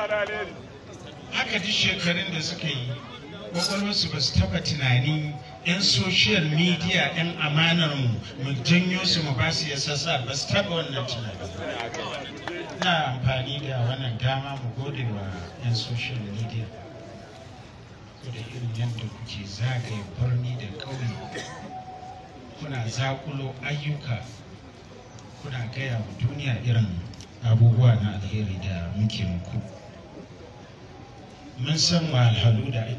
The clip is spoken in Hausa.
Haka duk shekarun da suka yi kwakwalwarsu ba su taba tunani 'yan social media 'yan amanar mu mu janyo su mu ba su sassa ba su taba wannan tunani na amfani da wannan dama mu gode wa 'yan social media da irin yadda kuke zagaye birni da ƙauye kuna zakulo ayyuka kuna gaya wa duniya irin abubuwa na alheri da muke muku mun san alhalu da